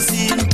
si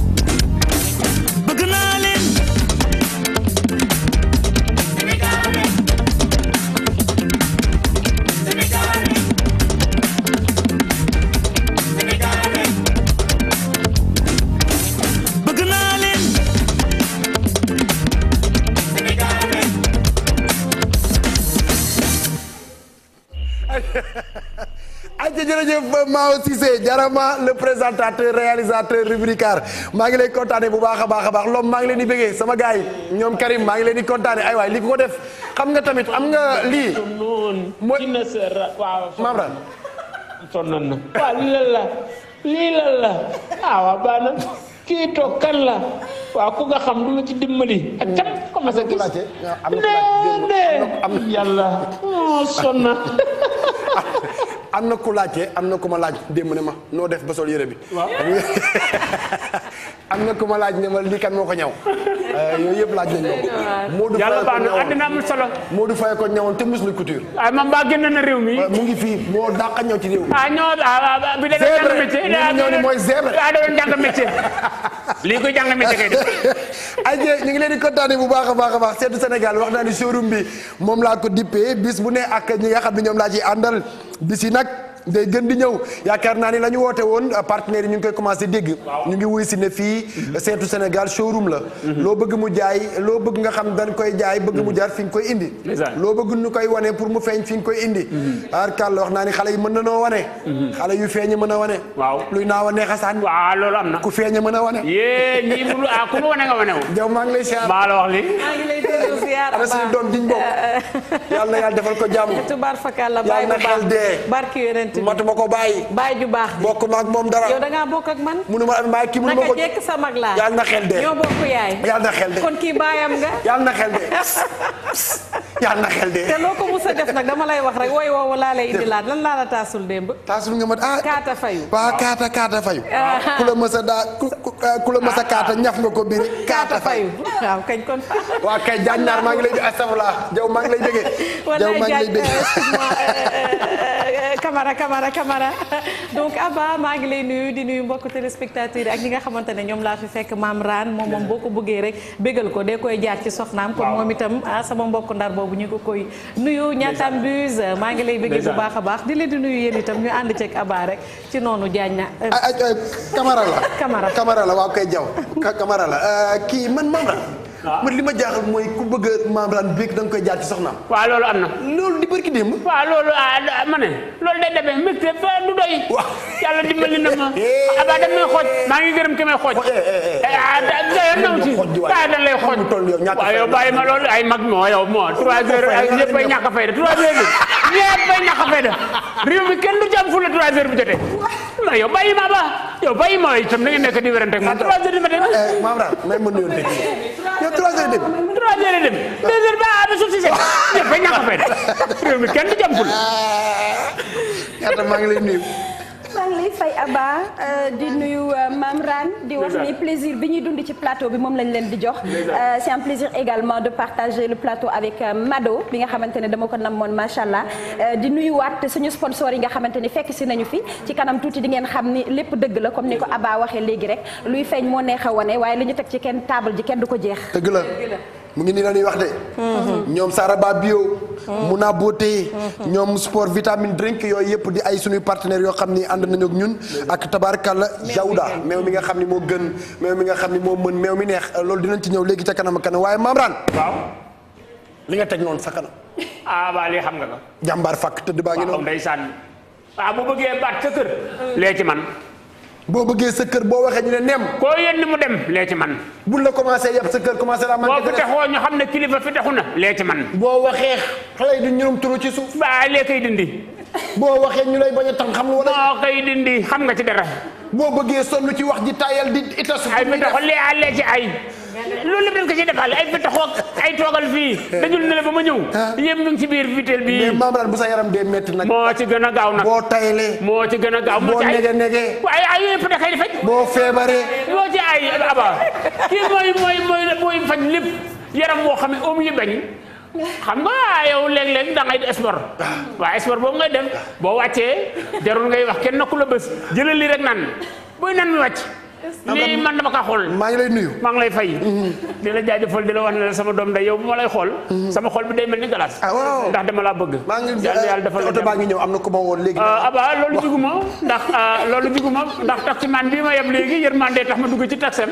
Mao Cissé jarama le présentateur réalisateur rubricard maa ngi lay kontaane bu baax a baax baax loom maa ngi leen di bëggee sama gars yi ñoom Karim maa ngi leen di kontaane ay waay li ko def xam nga tamit am nga lii mooy maam ra na waaw lii lan la lii lan la ah, waaw baax na kii toog kan la waaw ku nga xam du ci dimbali. ak kat commencé gis nee nee yàlla oh, am na ku laajte am na ku ma laaj démb ne ma noo def ba yére bi. waaw am na ku ma laaj ne ma lii kan moo ko ñaw. Euh, yooyu yëpp laaj nañ ma ko. yàlla baax na àddina am solo. Modou Faye ko ñawoon te muslu couture. Ah, man baa génn na réew mi. Euh, mu ngi fii moo dàq a ñëw ci réew mi. ah ñoo ah, ah, ah bi ni mooy zèbre. ah doon jàng métier. lii koy jàng métier kay def. ay ñu ngi leen di bu baax a baax a baax seetu Sénégal wax naa ni showroom bi moom laa ko dippee bis bu ne ak ñi nga xam ne ñoom laa ciy àndal bis yi nag day gën di ñëw yaakaar naa ni la ñu woote woon partenaires yi ñu ngi koy commencé dégg ñu ngi wuy si ne fii mhm. seetu Sénégal showroom la mhm. loo bëgg mu jaay loo bëgg nga xam dañ koy jaay bëgg mu mhm. jaar fi nga koy indi loo bëgg nu koy wane pour mu feeñ fi nga koy indi arkall wax naa ni xale yi mën na noo wane xale yu feeñe mën a wane waaw luy naa wa neexasaan waaw loolu am na ku feeñe mën a wane yée ñii mënul ah ku mu wane nga wane wu maa ngi lay siyaar maa la wax li maa ngi lay delloo doom diñ bokk yàlla na yàlla defal ko jàmm la bàyyi na tudd matuma ko bàyyi. bàyyi ju baax ji bokkuma ak moom dara. yow da ngaa bokk ak man. munu ma maa kii munu ma ko jekk sa mag laa. yàlla na xel de ñoo bokk kon kii baayam nga. yàlla na xel de yàlla na xel de. te loo ko mus a lay wax rek woy woowu laa lay indilaat lan laa la taasul démb. taasul nga ma ah. kaata fayu waaw kaata kaata ah. Ah, ku la mës a ah, la mës a kaata ñaf ko biir kaata fayu. waaw kañ kon. waaw kay jànnaar maa ngi lay jaw maa lay déggee. jaw maa lay déggee. Camara Camara donc Abba maa ngi lay nuyu di nuyu mbokk téléspectateurs yi ak ñi nga xamante ne ñoom laa fi fekk maam raan moom moom boo ko bëggee rek bégal ko dee koy jaar ci soxnaam kon moom itam ah, sama mbokk ndar boobu ñu ko koy nuyu ñaataan bus maa ngi lay bëggee bu baax a baax di leen di nuyu yéen itam ñu ànd ceeg Abba rek ci noonu jaañ na euh. Ah, ah, euh, Camara la Camara Camara la waaw koy jaw Camara la euh, kii man maam raan man li ma jaaxal mooy ku bëgg a maanaam béeg da koy jaar ci soxnaam. waaw loolu am na. loolu di barki démb. waaw loolu ah, ah ma ne. loolu day demee mbégte fa du doy. waaw yàlla dimbali na ma. Eh. abaa ah, dem may xooj. maa ngi gërëm ki may xooj. Oh, eh, eh, ah da da ci. waaw da xooj. Ah, waaw yow ma loolu ay mag moo yow moo. 3 heures ay ñàkk a fay de 3 heures ñëpp bay ñàkk a fay def réew mi kenn du jàmm fu la trois ma yow bàyyi ba yow bàyyi ma itam na ngeen nekk di werante ak ma ah, trois heures du matin mën nuyoon dégg yow trois heures ba ah, ba suuf si set ñëpp bay ñàkk a fay def ah, maa ngi lay maa ngi lay fay Aba euh, di nuyu euh, Mam Ran di wax ni plaisir bi ñuy dund ci plateau bi moom lañ leen di jox. Euh, c' est plaisir également de partager le plateau avec Mado bi nga xamante ne dama ko moon macha allah. di nuyu waat suñu sponsor yi nga xamante ni fekk si nañu fi ci kanam tuuti di ngeen xam ni lépp dëgg la comme ni ko Aba waxee léegi rek luy feeñ moo neex a wane waaye li ñu teg ci kenn table ji kenn du ko jeex. dëgg la. mu ngi nii la ñuy wax de. ñoom Saraba bio. boo Beauté. ñoom sport vitamine drink yooyu yëpp di ay suñuy partenaires yoo xam ni ànd nañu ak ñun. ak tabarkalla jawda meew mi nga xam ni moo gën meew mi nga xam ni moo mën meew mi neex loolu dinañ ci ñëw léegi ca kanam kanam waaye Mamran. waaw nga teg noonu sa kanam. ah xam nga ko. jàmbaar fàkk tëdd baa ngi noonu. waaw ndeysaan. Ah, bu bëggee baat ca kër. lee ci man. boo bëggee sa kër boo waxee ñu ne nem. koo yenn mu dem lee man. buñ la commencé yab sa kër commencé la. boo fi taxoo ñu xam ne kilifa fi na lee man. boo waxee xale yi du ñurum turu ci suuf. ba lee koy dindi. boo waxee ñu lay bañ a tax xam lu wala. moo koy dindi xam nga ci dara. boo bëggee sonn ci wax ji tayal di itas. ay fi taxul lee àllee ci ay. loolu lépp dañ ko ciy defal ay fitta xoog ay toogal fii dajul ne la ba ma ñëw ah. yëpp mi ngi ci biir vitel bii mais bu sa yaram dee métti nag moo ci gën a gaaw nag moo ci gën a gaaw boo nege nege waaye faj boo feebaree moo ci ay a kii mooy mooy mooy faj lépp yaram boo xam ne oom yi bañ xam nga yow léeg-léeg da ngay sport waa sport boobu ngay def boo wàccee jarul ngay wax kenn na ku la bés jëlal li rek nan buy nan mi wàcc lii man dama ka xool maa ngi lay nuyu maa ngi lay fay mm-hmm. di la jaajëfal di la wax ne la sama doom day yow bu ma lay xool mm-hmm. sama xool bi day mel ni glace ah, ndax dama laa bëgg maa ngi yàlla defal oto baa ngi ñëw am na ku ma woon léegi aba ah, ah, loolu juguma ndax loolu juguma ndax taximaan ma yeb léegi tax ma dugg ci taxem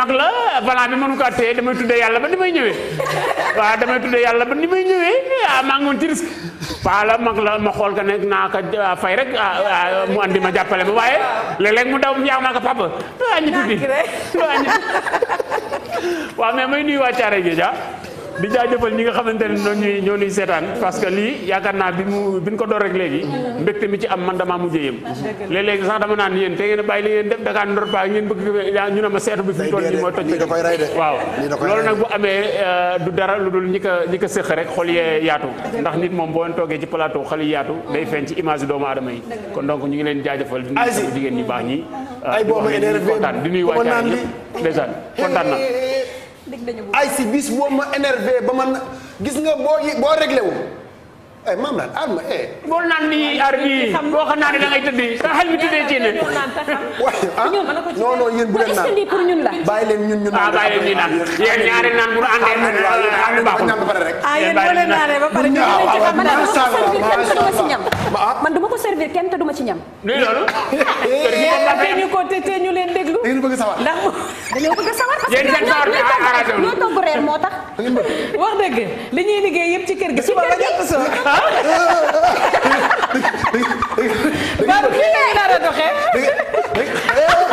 mag la volant bi mënu kaa téye damay tuddee yàlla ba ni may ñëwee waaw damay tuddee yàlla ba ni may ñëwee maa ngi woon ci paa la mag la ma xool ka ne naa ko ah, fay rek ah, ah, mu andi ma jàppale ma waaye léeg-léeg mu daw mu jaax naa ko papa waa ñu tuddi waa mais may nuyu waa Thiaré Géej di jaajëfal ñi nga xamante ne ñoo ñuy seetaan parce que lii yaakaar naa bi mu bi ñu ko door rek léegi mbégte mi ci am man damaa mujjee yem léeg-léeg sax dama naan yéen te ngeen bàyyi li ngeen def Dakar ndor ba ngeen nii amee euh, dara lu dul ñi ko ñi ko sëq rek xol yee yaatu ndax nit moom boo toogee ci plateau xol yaatu day feeñ ci doomu aadama yi kon donc ñu ngi leen jaajëfal di nuyu jigéen ñi baax ñi euh, di wax ne ñu kontaan di nuyu waa Thiès yëpp na eh, eh, eh, ay si bis boo ma énervé ba man gis nga boo boo réglé wu ay eh, maam eh. naan aar ma eh. boo naan nii aar bii boo xam naa ne da ngay tëddee sa xel bi tëddee ah, ci ne. waaye non non yéen bu leen naan pour ñun la. bàyyi leen ñun ñu naan ah, bàyyi leen ñu naan yéen ñaari naan bu ñu àndee naan baaxul naan ba pare rek. ah yéen boo leen naanee ba pare ñu ah. man duma ko servir kenn te duma ci ñam. luy loolu. ñu ko te te ñu leen déglu. da ngeen bëgg sawar ndax dañoo bëgg sawar. yéen seen sawar bi arrangé wu ñoo togg reer moo tax. wax dëgg li ñuy liggéey yëpp ci kër gi waaw kii lay nar a doxee.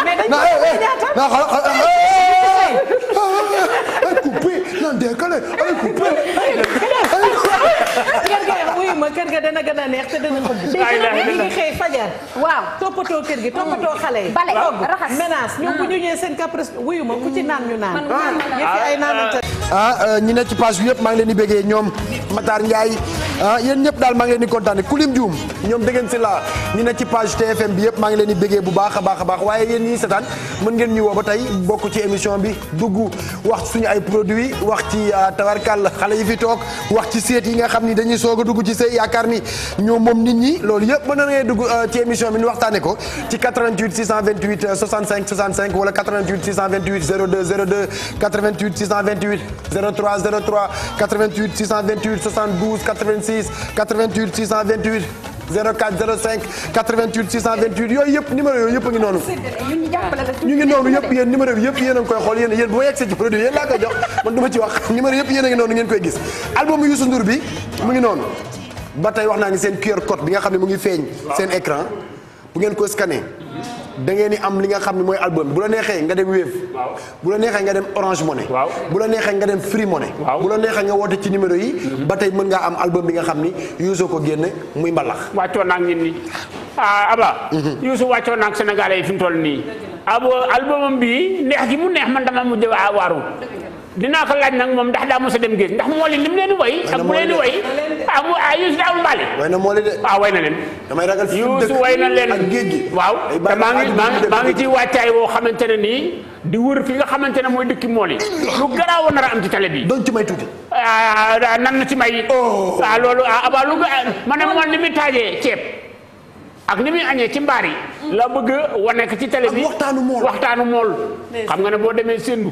mais naa ko a ay coupé nan décalé ay coupé. kër ga wuyu ma kër ga dana gën a neex te dana ëmb. ñu ngi xëy fajar. waaw toppatoo kër gi toppatoo xale yi. bale raxas menace ñoom bu ñu ñëwee seen caprice wuyu ma ku ci naan ñu naan. ah ñu ne ci page yëpp maa ngi leen di bégee ñoom. Matar Ndiaye ah yéen daal maa ngi leen di kulim Dioum ñoom dëggeen si la ni na ci page TFM bi yëpp maa ngi leen béggee bu baax baax baax waaye yéen ñii setaan mën ngeen ñu ba tey bokk ci émission bi dugg wax suñu ay produits wax ci ah, tawarkal xale yi fi toog wax ci seet yi nga xam ni dañuy soog dugg ci sëy yaakaar ni ñoo moom nit ñi loolu yëpp mën na ngay dugg ah, ci émission bi ñu waxtaane ko ci 88 628 65 65 wala 88 628 02 02 72 86 88 628 04 05 88 628 yooyu yëpp numéro yooyu yëpp a ngi noonu. ñu ngi noonu yëpp yéen numéro bi yëpp yéen a ngi koy xool yéen yéen bu ma ci produit yéen laa koy jox man du ci wax numéro yëpp yéen noonu ngeen koy gis. album Youssou Ndour bi mu ngi noonu ba tey ni seen QR bi nga xam ne mu ngi feeñ. seen écran bu ngeen ko scanné. da ngeen di am li nga xam ne mooy album bu la neexee nga dem Wave. bu la neexee nga dem Orange Money. bu la neexee nga dem Free Money. bu la neexee nga woote ci numéro yi. Mm-hmm. ba tey mën ngaa am album bi nga xam ni Youssou ko génne muy mbalax. wàccoon naa ak ñun nii ah Aba. Mm-hmm. Youssou wàccoon ak Sénégalais fi mu toll nii. abo albumam bi neex gi mu neex man dama mujj a waaru. dinaa ko laaj nag moom ndax daa mos a dem géej ndax moo li lim leen di ak bu leen di way ah mu ah Youssou daawul mbaali way moo li way na leen damay ragal fi Youssou way na leen ak géej gi waaw te maa ngi maa ngi ci wàccaay woo xamante ne nii di wër fi nga xamante ne mooy dëkki mool yi lu garaaw nar am ci tale bi doon ci may tuuti ah, nan na ci may oh. ah loolu ah aba lu ma ne mool ni muy taajee ceeb ak ni muy añee ci mbaar yi la bëgg wane ko ci télé bi waxtaanu mool waxtaanu mool xam nga ne boo demee seen séndu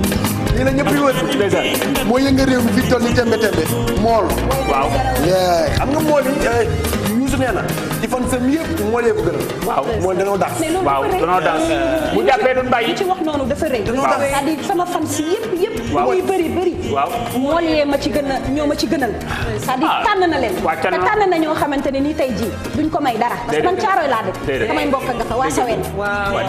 fii la ñëpp yi wër. moo yëngal réew mi fii toll nii tembe tembe mool. waaw xam nga mool yi eh, Youssou nee na ci fan sam yëpp mool yee ko gënal. waaw mool danoo bu jàppee duñ bàyyi. ci wax noonu dafa rëy. danoo daas sama fan si yëpp yëpp. waaw muy bëri bëri. mool yee ma ci gën a ñoo ma ci gënal. c'est-à-dire ah. tànn na leen. waaw tànn na te tànn na ñoo xamante ne nii tey jii duñ ko may dara. parce que man caarooy laa def. samay mbokk nga fa waa Saween. waaw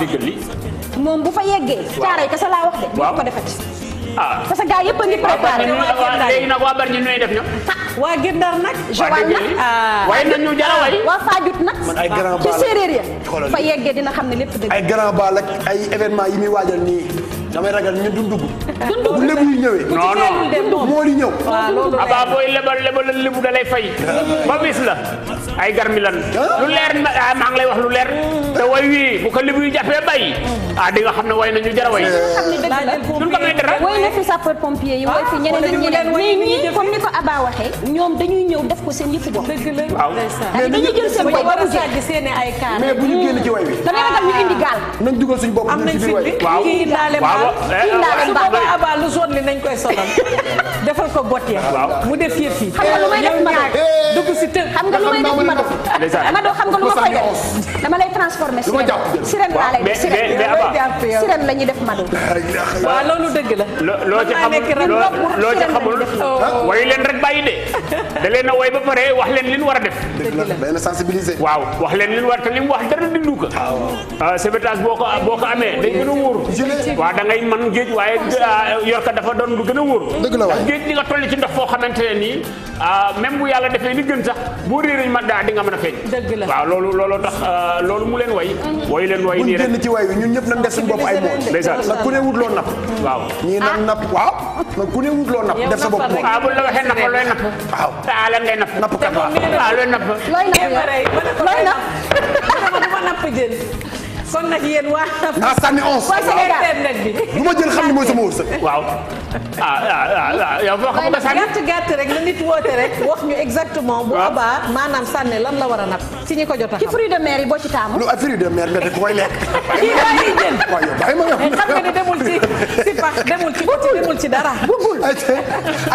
moom bu fa yeggee. waaw caarooy kese laa wax de. waaw ko defati. ah parce que gars yëpp a ngi préparé léegi nag waa Bargny ñooy def ñoom. Ah, waa Gendar nag. Joal nag ah, waaye nag ñu jara way waa Fadiouth nag. man ay grand bal ci séeréer ya fa yeggee dina xam ne lépp dëgg. ay grand bal ak ay événement yi muy waajal nii. damay ragal ñu dund dugg. bu lébu yi ñëwee. non non moo di ñëw. abaa booy lebal lebal lébu da lay fay. ba bis la ay garmi lu leer ah, maa ngi lay wax lu leer. te way wii bu ko lébu yi jàppee bay. ah di nga xam ne way a way. duñ na fi sapeur pompier yi way fi ah, ñeneen ak ñeneen mais ñii ko abaa waxee. ñoom dañuy ñëw def ko seen yëfu bopp. dëgg la waaw damay ragal ñu indi nañ dugal suñu bopp ci biir way waaw Eh, eh, abaa lu zone li nañ koy sonal defal ko bot ya mu def yëf yi xam nga lu may def ma eh. dugg si tënk xam nga lu may def ma def ma doo xam nga lu ma koy def dama lay transformer sirène laa lay def sirène la ñuy def ma doo waaw loolu dëgg la loo ci xamul loo ci xamul wayu leen rek bàyyi de da leen a woy ba pare wax leen war a def. dëgg la waaw wax leen war te li mu wax dara dindu ko. waaw ah, boo ko amee day gën a wóor. waaw da ngay mën géej waaye ah, yor ko dafa doon lu gën a wóor. dëgg la waay ne nii ah, même bu yàlla defee li gën sax boo réeré ma daa di a feeñ. dëgg la waaw loolu looloo tax loolu mu leen way. woy leen way nii rek bu ñu génn ci way bi ñun ñëpp nañ def suñu bopp ay moom. ndeysaan nag ku ne wut loo napp. waaw ñii nag napp waaw nag ku wut loo napp def sa bopp moom. ah bu la waxee napp looy napp waaw ah lan lay napp. napp kan waaw looy napp looy napp looy napp. kon nag yéen waa. naa sànni onze. waa Sénégal lu ma jël xam ne mooy sama wërsëg. waaw ah ah ah, ah, ah yow boo xam nga sànni gàtt gàtt rek la nit woote rek wax ñu exactement. bu boobaa maanaam sànni lan la war a napp. si ñu ko jot a xam ci fruit de yi boo ci taamu. lu fruit de mer nga a koy lekk. kii bàyyi jën waaw yow bàyyi ma yow. xam nga ni demul ci si pax demul ci demul ci dara. bëggul ayca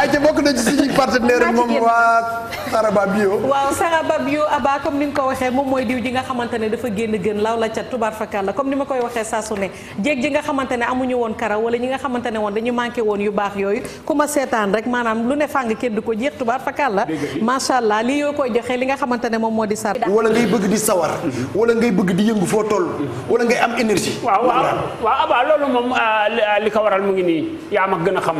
ayca bokk na ci suñuy partenaire moom waa. Saraba Bio. waaw Saraba Bio Aba comme ni nga ko waxee moom mooy diw ji nga xamante ne dafa génn gën law la ca tubaar fakal la comme ni ma koy waxee saa su ne jéeg ji nga xamante ne amuñu woon karaw wala ñi nga xamante ne woon dañu manqué woon yu baax yooyu ku ma seetaan rek maanaam lu ne fàng kenn du ko jeex tubaar fakal la macha allah lii yoo koy joxe li nga xamante ne moom moo di sar wala ngay bëgg di sawar wala ngay bëgg di yëngu foo toll wala n am énergie waaw waaw Aba loolu moom ah, ah, li ko waral mu ngi nii yaa ma gën a xam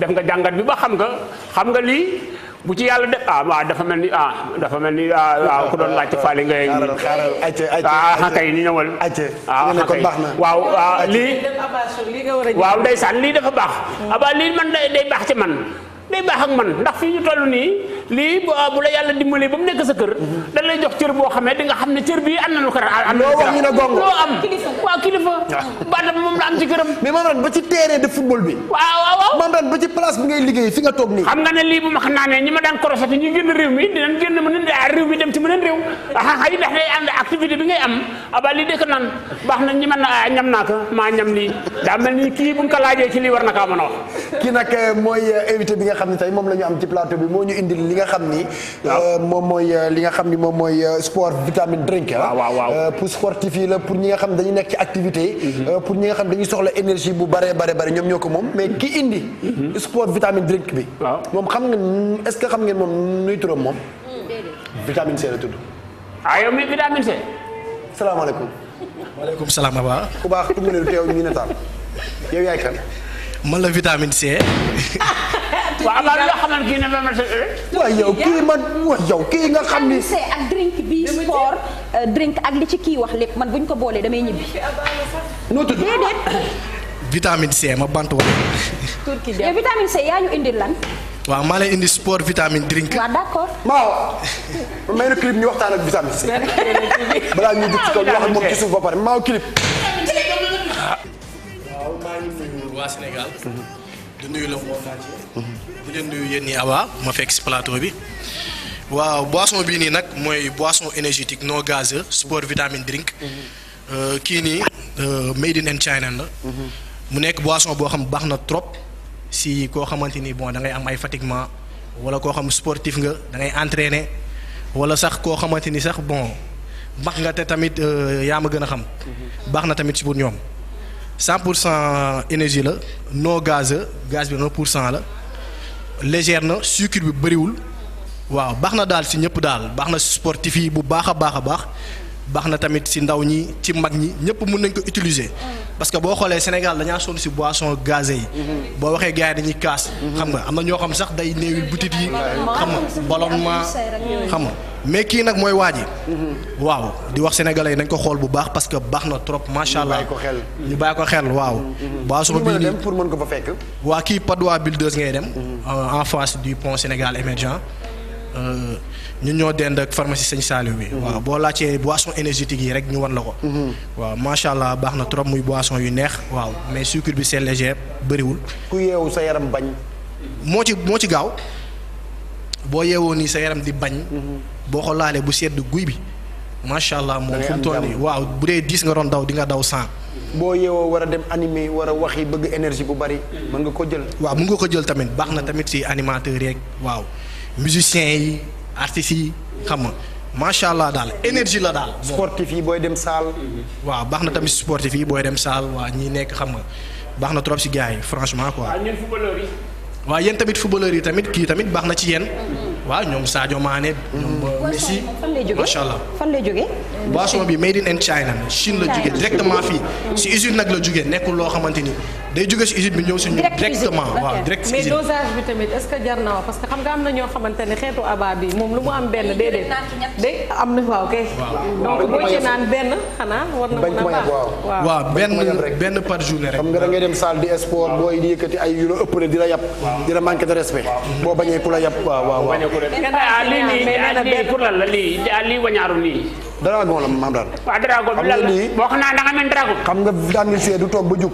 def nga jàngat bi ba xam nga xam nga lii bu ci yàlla def a ah, waaw dafa mel ni ah dafa mel ni ah, waaw ku doon laajte faale ngay. xaaral xaaral ah, ni ñëwal. ayca nga ne ko baax na waaw lii. waaw ndeysaan lii dafa baax. abaa lii man day baax ci man. day baax ak man ndax fii ñu toll nii lii bu ah, la yàlla dimbalee ba mu nekk sa kër. da jox cër boo xamee di nga xam ne cër bii am na lu ko am loo wax ñu ne gongo ah. moom ci këram. mais man ren ba ci terrain de football bi. waaw waaw waaw man ren ba ci place bi ngay liggéey fi nga toog nii. xam nga ne lii bu ma xanaa ne ñi ma daan korosati ñu génn réew mi dinañ génn mën a ah, réew mi dem ndax day ànd bi ngay am abaa lii dëkk naan baax na ñi ma na ñam naa ko maa ñam lii daa mel ni kii bu ñu ko laajee ci lii war na kaa mën a wax. kii nag eh, mooy eh, invité bi nga xam ne tey moom la ñu am ci plateau bi moo ñu indil li nga xam ni. Euh, moom mooy euh, li nga xam ni moom mooy euh, sport vitamine drink. waaw waaw pour sportif yi la pour ñi nga xam dañu nekk ci activité. Mhm. pour ñi nga xam dañuy soxla énergie bu bare bare bare ñoom ñoo ko moom mais ki indi. Mhm. sport vitamine drink bi. waaw moom xam ngeen est-ce que xam ngeen moom nuy turam moom. vitamine C la tudd. ah yow mi vitamine C. salaamaaleykum. waaleykum salaam Aba. ku baax ku mu ne teew ñu ne taal yow yaay kan. man la vitamine C. waaw am na yoo xam kii nga xam ni. ak drink bi sport euh, drink ak li ci kii wax lépp man buñ ko boolee damay ñibbi. noo tudd déedéet. C ma bant wala. turki de vitamine C yaa ñu indil lan. waaw maa lay indi sport vitamine drink. waaw d'accord. Maaw may na clip ñu waxtaan ak vitamine C. balaa ñu wax suuf ba pare Maaw clip. waa Sénégal. Mhm. di nuyu la monde di leen nuyu yéen ma fekk plateau bi waaw boisson bii nii nag mooy boisson énergétique non gazeuse sport vitamine drink. Mm-hmm. Euh, kii nii euh, made in China la. Mm-hmm. mu nekk boisson boo xam baax na trop si koo xamante ni bon da ngay am ay fatiguement wala koo xam sportif nga da ngay entraîner wala sax koo xamante ni sax bon max nga te tamit euh, yaa ma gën a xam. Mm-hmm. baax na tamit si pour ñoom. 100 pour cent énergie la non gaz gaz bi 1 pour cent la. légère na sucre bi bëriwul waaw baax na daal si ñëpp daal baax na sportif yi bu baax a baax a baax baax na tamit si ndaw ñi ci mag ñi ñëpp mun nañ ko utiliser mm. parce que boo xoolee Sénégal dañaa sonn si boisson gazé yi mm-hmm. boo waxee gars yi dañuy kaas mm-hmm. xam nga am na ñoo xam sax day néewil butit yi xam nga ballonnement xam nga mais kii nag mooy waa yi mm-hmm. waaw di wax sénégalais yi nañ ko xool bu baax parce que baax na trop macha allah ñu bàyyi ko xel waaw boisson bii nii pour mën ko fa fekk waa kii Padois Builders ngay dem en face du pont Sénégal émergent Euh, ñun ñoo dend ak pharmacie sañ Saliou bi. Mhm. waaw boo laajtee boisson énergétique yi rek ñu wan la ko. Mhm. waaw macha allah baax na trop muy boisson yu neex. waaw mais sucre bi c'est léger bëriwul. ku yeewu sa yaram bañ. moo ci moo ci gaaw boo yeewoo nii sa yaram di bañ. Mhm. boo ko laalee bu sedd guy bi. macha allah moom fu mu toll waaw bu dee dix nga doon daw di nga daw cent. boo yeewoo war a dem animé war a wax yi bëgg énergie bu bari. mën nga ko jël. waaw mën nga ko jël tamit baax na tamit si animateur yeeg waaw. musiciens yi artistes yi xam nga macha allah daal énergie la daal. sportif yi booy dem saal. waaw baax na tamit sportif yi booy dem saal waa ñi nekk xam nga baax na trop si gars yi franchement quoi. waaw ñun footballeurs yi. waaw yéen tamit footballeurs yi tamit kii tamit baax na ci yéen. Mm-hmm. waaw ñoom Sadio Mané. Mm-hmm. Euh, Messi macha allah fan lay jógee boisson bi made in China Chine la jógee directement fii si usine nag la jógee nekkul loo xamante ni day jógee si usine bi ñëw si ñun directement waaw direct si bi tamit est que jar na wax que xam na ñoo xamante ne xeetu aba bi moom lu mu am benn déedéet day am na waaw kay donc boo ci naan benn xanaa war na a baax waaw benn benn par journée rek xam nga da ngay dem salle di sport booy di yëkkati ay yu la ëpp di la yàpp di la manqué respect boo bañee ku la yàpp waaw waaw waaw la lii lii wañaaru lii. dragon la maam daal. waaw dragon bi lan la boo xam naa da du toog ba jug.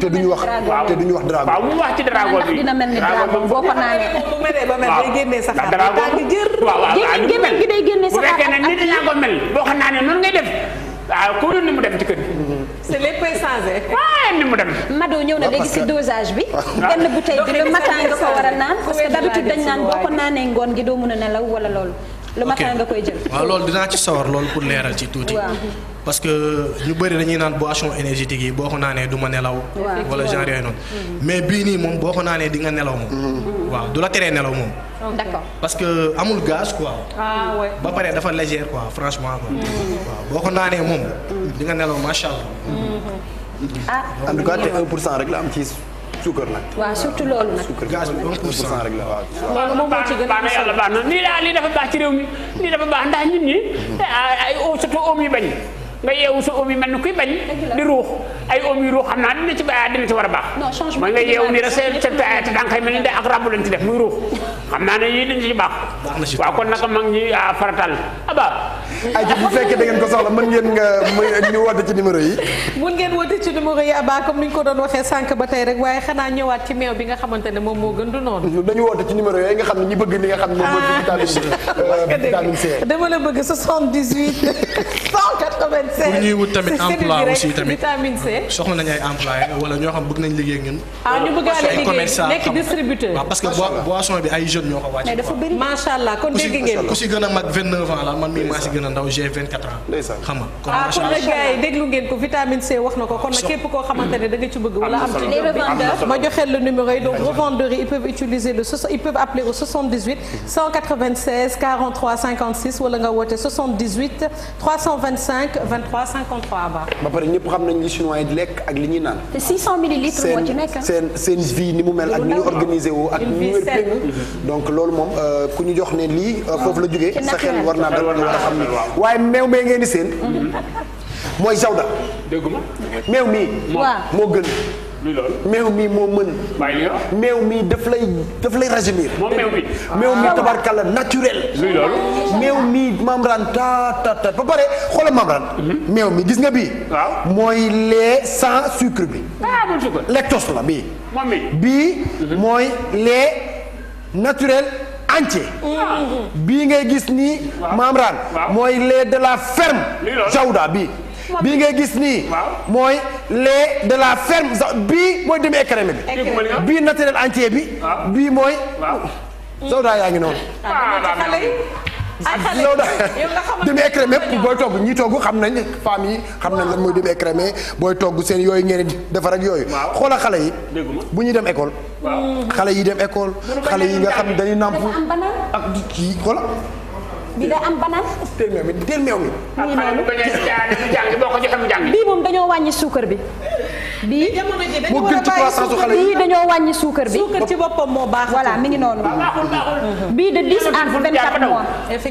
te duñu wax te duñu wax dragon. waaw mu wax ci dragon bi dina mel ni dragon boo ko naanee. bu melee ba mel ko mel noonu ngay def. waaw ku ni mu dem ci kër c'est les changé. mu dem. Mado ñëw bi. Ah. benn nga ko war a naan parce que d'habitude dañ naan boo ko naanee ngoon gi doo mun a nelaw wala loolu le matin nga koy jël. waaw loolu dinaa ci sawar loolu pour leeral ci tuuti. parce que ñu bëri dañuy naan boisson énergétique yi boo ko naanee du ma nelaw. wala genre yooyu noonu. mais bii nii moom boo ko naanee dinga nga nelaw moom. Mm-hmm. waaw du la teree nelaw moom. parce que amul gaz quoi. Ah, ba pare dafa légère quoi franchement quoi. Mm-hmm. waaw boo ko naanee moom. di nga nelaw macha allah. Mm-hmm. ah en tout pour cent rek la am ci. suukar nag. ba surtout loolu nag. suukar gaz bi 11 pour cent rek la waaw. loolu moom moo a na nii daal lii dafa baax ci réew mi lii dafa baax ndax nit ñi. ay surtout oom yi bañ. nga yeewu sa oom yi mel ni kuy bañ. di ruux ay oom yu ruux xam dina ci baax dina ci war a de ak rabu lañ ci def muy ruux xam naa ne yii dina ci baax. baax na si waaw kon naka mag ñi ah, aba ay bu fekkee da ngeen ko soxla ngeen nga ci numéro yi mun ngeen woote ci numéro yi abaa comme ni ko doon waxee ci meew bi nga xamante ne moom moo gën du ci numéro yooyu nga xam ne ñi bëgg li nga xam ne moom mooy ah. dama la bëgg 78 196 bu ñuy wut tamit emploi ay employé wala ñoo xam bëgg nañ liggéey ak ñun ah, ñu bëgg a liggéey nekk distributeur waaw parce que boisson bi ay jeunes ñoo ko wàcc macha allah kon dégg ngeen ku si gën a mag 29 a ndaw j'ai 24 ans. ndeysaan xam kon ah, macha allah yi déglu ngeen ko vitamine C wax na ko kon képp koo xamante ne da nga ci bëgg. wala am ci revendeur ma joxe le numéro yi donc revendeurs yi ils peuvent utiliser le ils peuvent appeler au 78 196 43 56 wala nga woote 78 325 23 53 ba. ba pare ñëpp xam nañ li chinois yi di lekk ak li ñuy naan. te 600 millilitres moo ci nekk ni mu mel ak ni ñu organisé woo ak ni ñu donc loolu moom euh, ku ñu jox ne lii euh, foofu la jógee sa xel war naa dal nga war a xam ni waaye meew mee ngeen di seen. mooy jawda. ma meew mi moo gën. meew mii moo mën. Ah. meew mii daf lay daf lay régimir. meew la ah. tabarkalla naturel. meew mii membrane ta ta ta ba pare xoolal membrane. Mhm. meew mi gis nga bi mooy lait sans sucre bi. Ah, lactose la bii. Mhm. mooy lait naturel. entier. bii ngay gis nii. maam raan mooy lait de la ferme. jawda bii. bii ngay gis nii. mooy lait de la ferme bii mooy demi écrémé bi. bii naturel entier bi. bii mooy. jawda yaa ngi noonu. ak loolu demi écrémé booy togg ñi togg xam nañ femmes yi xam nañ lan mooy demi écrémé booy togg seen yooyu ngeen defar ak yooyu xoola xale yi bu ñuy dem école xale yi dem école xale yi nga xam dañuy nàmp ak kii xoola bi da am banaan. bii moom dañoo wàññi suukar bi. bii moo gën ci croissance su xale yi dañoo wàññi suukar bi. suukar ci boppam moo baax. voilà mi ngi noonu. bii de 10 à 24 mois.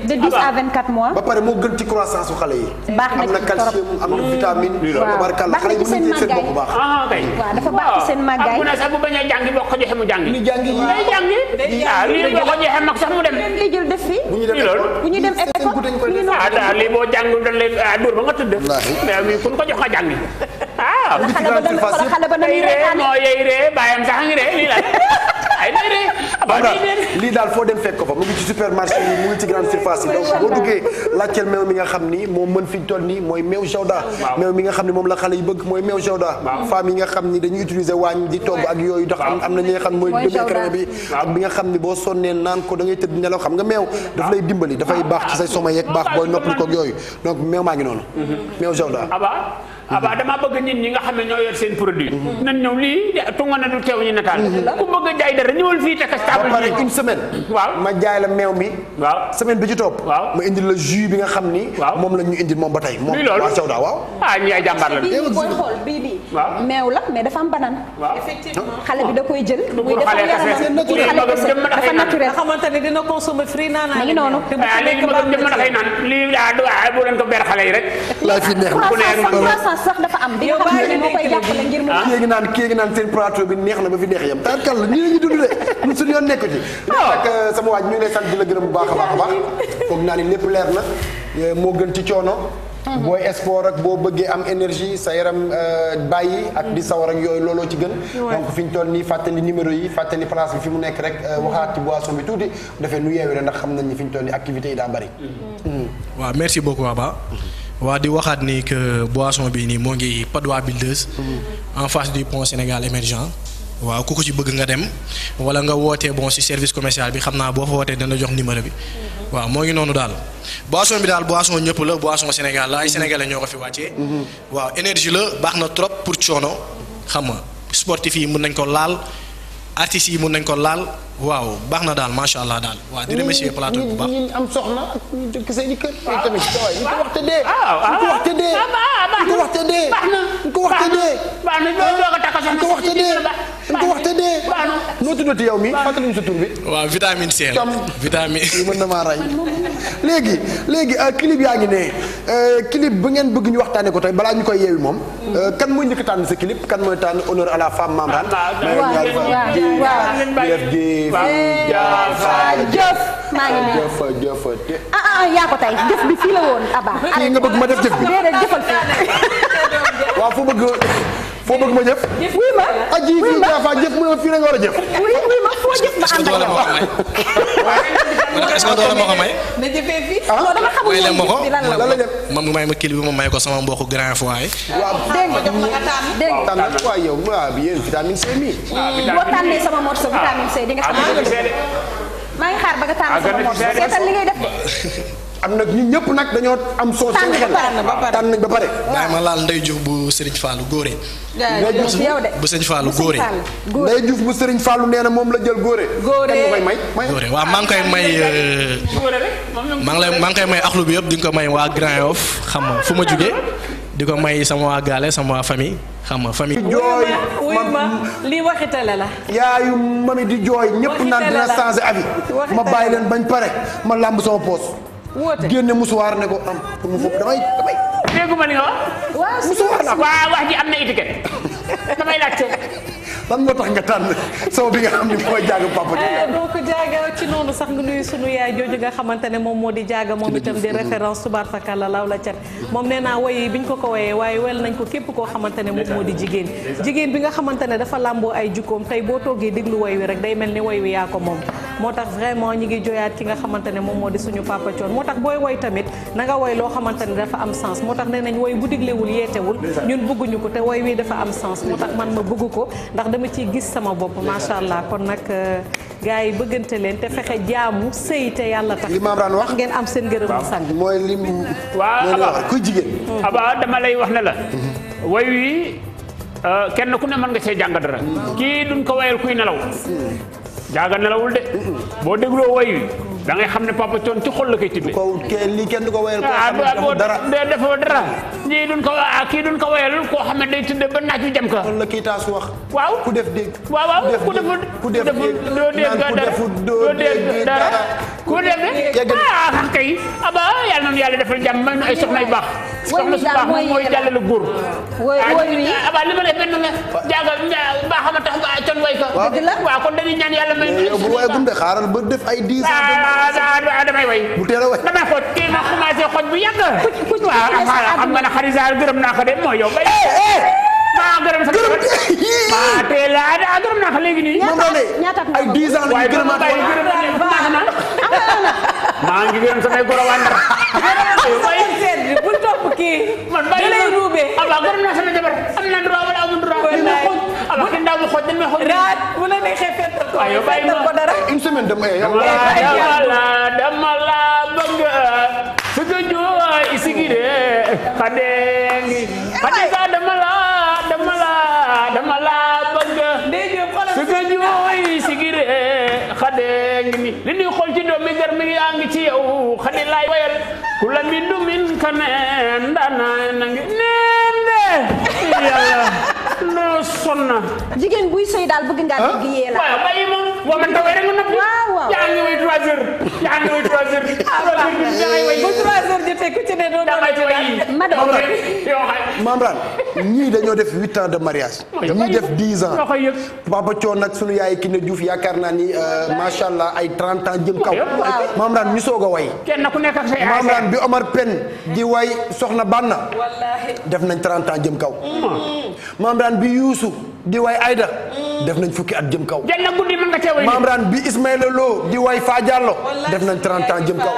de mois. ba pare moo gën ci croissance su xale yi. baax na ci trop am na calcium am na vitamine. waaw baax na ci seen màggaay ah, ah, waaw dafa baax ci ah. seen màggaay. am na sax bu bañ jàngi boo ko joxe mu jàngi. ñu jàngi ñu jàngi. ah lii boo ko joxe mag sax mu dem. lii jël def fi. bu ñu dem école bu ñu dem école. ah lii boo jàngul dañ lay dóor ba nga tëdd. mais ku ko jox nga xale ba dañuy reetaan moo yey ree lii daal foo dem fekk ko fa mu ngi ci supermarché yi mu ngi ci grande surface yi donc boo duggee laajteel meew mi nga xam ni moom mën fi ñu nii mooy meew jawda meew mi nga xam ni moom la xale yi bëgg mooy meew jawda femme yi nga xam ni dañuy utiliser waañ di togg ak yooyu dox am na ñi nga xam mooy demi-crème bi bi nga xam ni boo sonnee naan ko da ngay tëdd nelaw xam nga meew daf lay dimbali dafay baax ci say sommeil yeeg baax booy noppali ko yooyu donc meew maa ngi noonu mhm. meew jawda waaw damaa bëgg nit ñi nga xam ne ñoo yor seen produit mm-hmm. nan ñëw lii tunga na du teew ñu nataal mm-hmm. ku bëgg a jaay dara ñëwal fii te stable ba pare une semaine waaw ma jaay la meew mi waaw semaine bi ci topp waaw ma indil la jus bi nga xam ni waaw moom la ñu indil moom ba tey moom waa Sawda waaw ah ñi ay jàmbaar la booy xool bii bi meew la mais dafa am banaan effectivement xale bi da koy jël muy defal yaramam dafa naturel xamante ne dina consommer fruit naan ma ngi noonu ah, léegi ma gëm jëm mën a xëy naan lii daa ah, du ah, bu leen ko ber xale yi rek sax dafa am di nga xam ne moo koy jàppale ngir mu ah. kii ngi naan kii ngi naan seen plateau bi neex na ba fi neex yam tarkal la ñii ngi dund de ñun suñu yoon nekku ci ah. ak euh, sama waaj ñu ngi lay sant di la gërëm bu baax a baax a baax foog naa ni lépp leer na euh, moo gën ci coono mhm. booy sport ak boo bëggee am énergie sa yaram euh, bàyyi ak di sawar ak yooyu looloo ci gën. donc fi ñu toll nii fàttali numéro yi fàttali place bi fi mu nekk rek mhm. waxaat ci boisson bi tuuti bu defee nu yeewee ndax xam nañ ni fi ñu toll nii activités yi daa bari. waaw mhm. merci beaucoup Aba. waa di waxaat ni que boisson bi nii moo ngi Padois Builders mm-hmm. en face du pont Sénégal émergent waaw ku ko ci bëgg nga dem wala nga wootee bon si service commercial bi xam naa boo fa wootee dana jox numéro bi mm-hmm. waaw moo ngi noonu daal boisson bi daal boisson ñëpp la boisson Sénégal la ay mm-hmm. sénégalais ñoo ko fi wàccee. waaw énergie la baax na trop pour coono xam nga sportif yi mun nañ ko laal artistes yi mun nañ ko laal. waaw baax na daal macha allah daal. waaw di remercier plateau bu baax ñi am soxna ak ñu dëkk i ko wax dee. ñu ko wax dee. ñu ko wax dee. noo tuddati yow mi fàttali ñu sa tur bi. waaw vitamine C la. vitamine yi mën na maa rey. léegi léegi euh, clip yaa ngi ne euh, clip bu ngeen bëgg ñu waxtaanee ko tey balaa ñu koy yeewi moom. Mm. Euh, kan mooy njëkk tànn sa clip kan mooy tànn honneur à la femme Mame Rane. Ah, ah, jëf maa ngi ne jëfa jëfa te ah ah yaa ko tey jëf bi fii la woon Abba. fii nga bëgg ma foo bëgg ma jëf. wuy ma aji fii jaafa jëf mu ne fii la nga war a jëf. wuy wuy ma foo jëf ma ànd ak yow. moo ko may. Ah? ma may bi ma may ko sama mbokku grand foyer. waaw dégg bi yéen vitamine C mi. boo tànnee sama morceau ah. vitamine C di nga xam. Ah, maa ngi xaar ba nga tànn sama morceau seetal li ngay def de. am na ñun ñëpp nag dañoo am. soo seen xel tànn nañ ba pare. ma laal Ndeye Diouf bu Serigne Fallou Góore. bu Serigne Fallou Góore. Ndeye Diouf bu Serigne Fallou nee na moom la jël Góore. Góore kenn may may. Góore waaw maa ngi koy may. Euh, maa ngi lay maa ngi koy may axlu bi yëpp di nga ko may waa Grand Yoff xam nga fu ma jugee. di ko may sama waa gaale sama waa famille xam nga famille. jooy ma li waxitale la. yaayu mami di jooy ñëpp naan dina changer avis ma bàyyi leen bañ pare ma làmb sama poos. woote génne musuwaar ne ko am pour mu foog damay damay. dégguma li nga wax. waaw musuwaar naa ko waaw wax ji am na étiquette damay laajte. lan moo tax nga tànn sama bi nga xam eh, xamante ne moom moo di jaaga moom itam di référence moom nee naa woy bi ñu ko ko woyee waaye wel nañ ko képp koo xamante ne moom moo di jigéen jigéen bi nga xamante ne dafa làmboo ay jukkoom tey boo toogee déglu woy wi rek day mel ni woy yaa ko moom moo tax vraiment ñi ngi joyaat ki nga xamante ne moom moo di suñu papa coon moo tax booy woy tamit na nga woy loo xamante ne dafa am sens moo tax nee nañ woy bu diglewul yeetewul ñun bëgguñu ko te woy wi dafa am sens moo tax man ma bëgg ko ndax dama ciy gis sama bopp macha allah kon nag euh, gaa yi bëggante leen te fexe jaamu sëy te yàlla tax. li maam daan wax ngeen am seen ngërëm sang mooy lim. waaw abaa kuy jigéen. abaa dama lay wax ne la. Mhm. way wi euh, kenn ku ne mën nga see jàng dara. Mhm. kii duñ ko wayal kuy nelaw. Mhm. jaaga nelawul de. boo dégloo way wi da ngay xam ne papa coon ci xol la koy tibbee. ko lii kenn du ko wéyal. koo ah, dara dafa dara. ñii duñ ko ah kii duñ ko wéyal koo xam ne day tëdd ba naaj wi jëm ka. loolu la kii taas wax. waaw ku def dégg. waaw waaw ku def ku def doo dégg dara doo dégg dara. ku def ah xam ah, kay aba yàlla nañu yàlla defal jàmm may nu ay soxna yu baax. soxna su baax moom mooy jàllale góor. wóor yi ah, aba li ma ne benn nga jaaga baaxama tax coon way ko. waaw kon dañuy ñaan yàlla may nu. bu way gumbe xaaral ba def ay dix ans damay way bu teel a way damay xooj kii ma commencé xooj bu yàgg waaw xam nga ne xarit Saar gërëm naa ko de mooy yow bay eh, eh. maa gërëm sama maa teel a ah gërëm naa ko léegi nii ñaata ay 10 ans lañu gërëm naa ko maa ngi gërëm samay goro waan bul topp kii man bàyyi lay ruubee aba gërëm naa sama jabar am na droit wala amul droit dañ ma xooj aba kenn daaw ma xooj dañ ma xooj raat bu la neexee aywa bay ma ko dara une semaine dama yow eh, la dama la bëgg suñu jooy sigi de xade ngi ni li ñuy xool ci doomi gar mi yaa ngi ci yow xade laay wayal ku la min du min kaneen ndanaan sonn na. jigéen buy sëy daal bëgg ngaa dégg yee la. waaw man ah, Mamran ñii dañoo def huit ans de mariage. ñii def dix ans. papa Thion ak sunu yaay Kiné Diouf yaakaar naa ni euh, macha allah ay trente ans jëm kaw. Mamran ñu soog a way. kenn ku nekk ak say Mamran bi Omar Pène di way soxna Banna. def nañ trent ans jëm kaw. Mm. Mamran bi Youssou di way Aïda. Mm. def nañ fukki at jëm kaw. jël na guddi Maam Raan bi Ismaïla Lo di way Fa Diallo. def nañ 30 jëm kaw.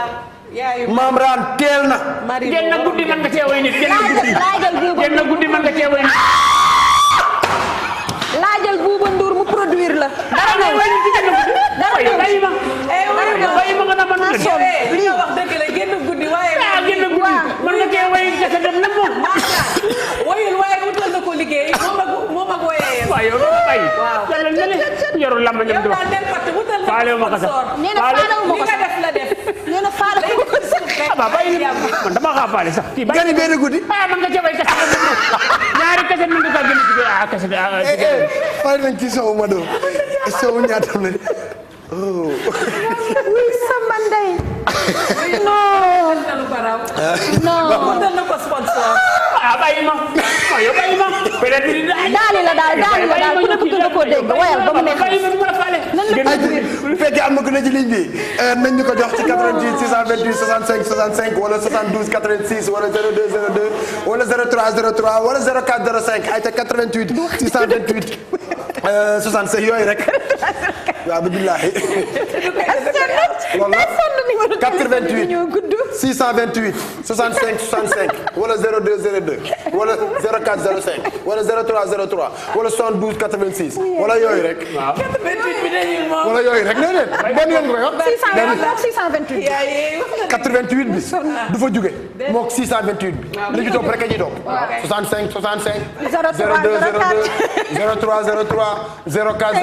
Maam Raan teel na. jël na guddi mën nga cee na guddi. jël na guddi mën laajal Bouba mu produire la. na way nit ci jël na guddi. dara ko sax waaw ah, man dama xaa faale sax. kii bàyyi benn guddi. ah man nga jëmale kese la dund. ñaari kese mën nga ko gën a jugee ah kese bi ah. Eh, eh, fay nañ ci sow ma doon eh, sow ñaatam la. oui oh. Samba Ndeye. non. Ah. non. ah bàyyi ma. Ah, yow bàyyi ma. daali la daal daali la daal ku nekk gën a koo dégg woyal ba mu neex bu fekkee am na ku ne ci ligne bi nañ ñu ko jox ci 88 628 65 65 wala 72 86 wala 02 02 wala 03 03 wala 04 05 ay ca 88 628 66 yooyu rek waaw billahi 88 628 65 65 wala 02 02 wala 04 05 wala 03 03 wala 72 86 wala yooyu rek. waaw 88 bi dañuy moom. wala yooyu rek déedéet benn yoon nga koy wax. 628 88 bi du fa jugee moog 628 bi. waaw li ci topp rek a ñuy topp. 65 65. 03 02 02 03 03 04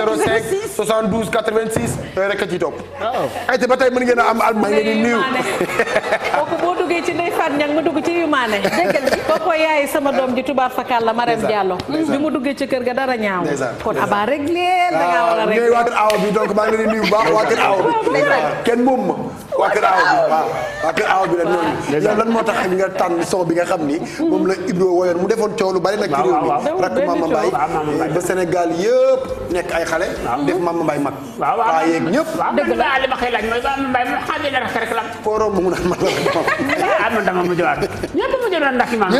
05 72 86 yooyu rek a ciy topp. waaw oh. ayca ba tey mën ngeen a am. Fall maa ngi leen di nuyu. kooku boo duggee ci Ndeye Fatou Niang ma dugg ci Yumane. sama doom ji tubaab fakal la Marème Diallo. bi mu duggee ci kër ga dara ñaaw. kon abaa réglé da ngaa war a ah, réglé. kenn moom waa kër aaw bi waaw waa kër aaw bi la noonu lan moo tax nga tànn son bi nga xam ni moom la Ibro woyoon mu defoon coow lu bari nag ci réew mi rakk Mama Mbaye ba nekk ay xale def Mama Mbaye mag waa la li ma koy laaj rek la fooroo mu mun a ah, ah, man la am na dama ndax Mama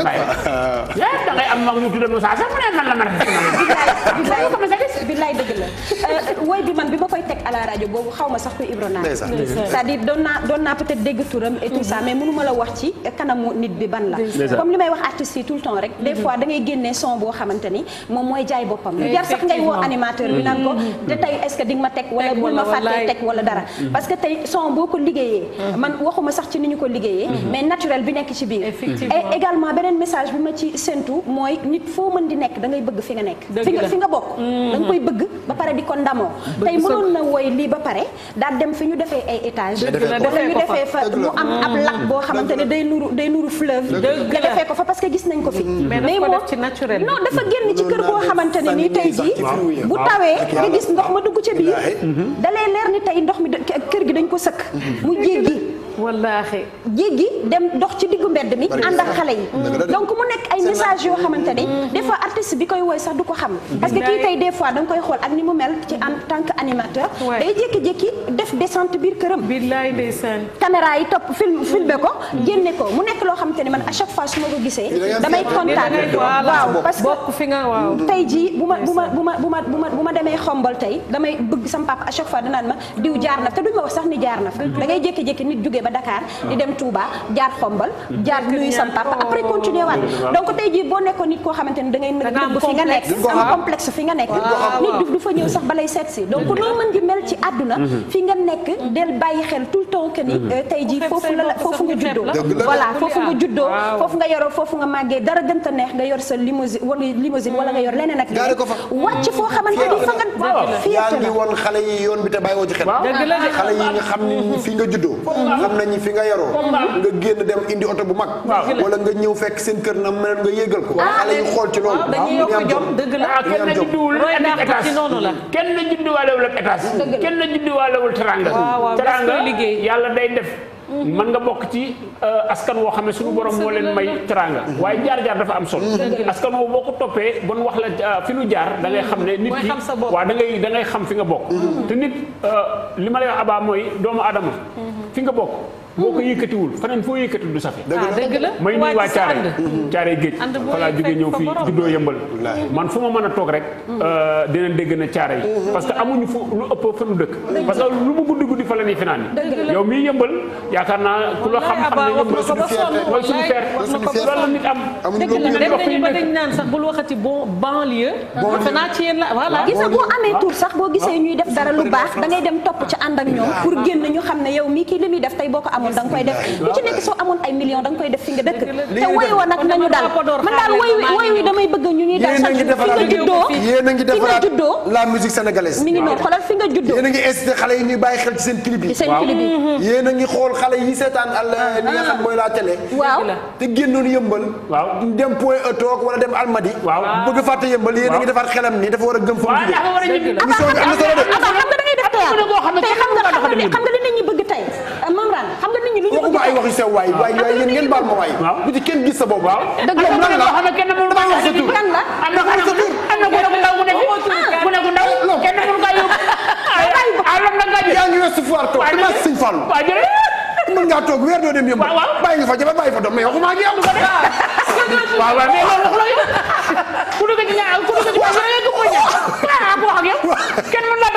Mbaye am mag ñu tudde Moussa sax mu ne la ma sa euh, bi ma koy teg ma sax ko Ibro naa c'est-à-dire naa doon naa peut-être dégg turam et tout mhm. mais mënu la wax ci kanamu nit bi ban la comme li may wax artistes yi tout temps rek des fois da génne son boo xamante ni moom mooy jaay boppam lu jar sax ngay woo animateur bi naan ko mhm. te tey est-ce ma teg wala bul ma fàttee teg wala dara mhm. parce que tey son boo ko liggéeyee man waxuma sax ci ni ñu ko liggéeyee mais naturel bi nekk ci biir et beneen message bi ma ci séntu mooy nit foo mën di nekk da na defee fa mu am ab lac boo xamante ne day nuru day nuru fleuve nga defee ko fa parce que gis nañ ko fi mm. mais moom non dafa génn ci kër goo xamante ne nii tey jii bu tawee nga gis ndox ma dugg ca biir dalee leer ni tey ndox mi kër gi dañ ko sëkk mm-hmm. mu jéggi wallaahi jéggi dem ndox ci diggu mbedd mi ànd ak xale yi donc mu nekk ay message yoo xamante ni mm-hmm. des fois artiste bi koy woy sax du ko xam parce que kii tey koy xool ni mu mel ci en tant que animateur day jékki-jékki def descente biir këram billaay yi topp film mm-hmm. filmé ko mm-hmm. génne ko mu nekk loo xamante ni man a chaque fois su ma ko gisee damay kontaan waaw parce que fi nga waaw tey jii bu ma bu ma bu ma bu ma bu ma demee xombal tey damay bëgg sama papa a chaque fois danaan ma diw jaar na te duñ ma wax sax ni jaar na fa da ngay jékki nit jógee ba Dakar di dem Touba jaar xombal jaar nuyu sam papa après continuer waat donc tey jii boo nekkoon nit koo xamante ne da ngay nëbb fi nga nekk am complexe fi nga nekk du fa ñëw sax balay seet donc loo mën di mel ci àdduna mhm. fi nga nekk del bàyyi xel tout le temps ni mhm. euh, tey jii foofu la foofu nga juddoo voilà foofu nga juddoo foofu yoroo foofu nga màggee dara gën ta neex nga yor sa limousine wala limousine wala nga yor leneen ak leneen wàcc foo xamante fa nga yaa ngi yoon bi te bàyyi woo nga xam ni fi nga juddoo am nañu fi nga yaroo nga génn dem indi oto bu mag wala nga seen kër na mën nga yéegal ah, xool ci loolu dañuy yokk la kenn na judduwul étage kenn na judduwaalewul ak étage kenn na judduwaalewul teranga teranga yàlla day def mhm. mën nga bokk ci euh, askan woo xam ne suñu borom moo leen may teranga waaye jaar-jaar dafa am solo askan woo boo ko toppee bon wax la euh, fi nu jaar da xam ne nit ki waaw da ngay da ngay xam fi nga bokk mhm. te nit euh, li ma lay wax abaa mooy doomu adama mhm. fi nga bokk boo ko yëkkatiwul faneen foo yëkkati du safe ah, may nii waa caare caare mm-hmm. géej fa laa jóge ñëw fii juddoo yëmbal man fu ma mën a toog rek mm-hmm. euh, dinañ dégg na caare yi parce que amuñu fu lu ëpp fa nu dëkk parce que lu mu guddi guddi fa la ñuy finaan yi la nit am sax bul waxati bon banlieue boo amee tur sax boo gisee ñuy def dara lu baax da dem topp ci ànd ñoom pour génn ñu xam ne yow mii kii li def tey boo ko am amoon da nga koy def lu ci nekk soo amoon ay millions da koy def fi nga dëkk te woy wa nag nañu daal man daal woy wi damay bëgg ñu ñuy daal a a xale yi ñuy bàyyi xel ci seen clip yi yéen a ngi xool xale yi seetaan al mooy la télé waaw te génnoon yëmbal dem point e toog wala dem almadi bëgg fàtte yëmbal yéen a ngi defar xelam ni dafa war a gëm fa mu jógee am xam nga da def tey xam nga xam nga ñi bëgg tey waxuma ay waxi sew waay waay waay yéen ngeen baal ma waay. bu ci kenn gis sa bopp. waaw dëgg la lan la xam ne kenn mënu kaa wax sa tur lan la ne ku ndaw kenn mënu kaa yóbbu ah la yow. ku dugg ci ñaar ku dugg ci ñaar ku dugg ci ñaar wax yow kenn mën naa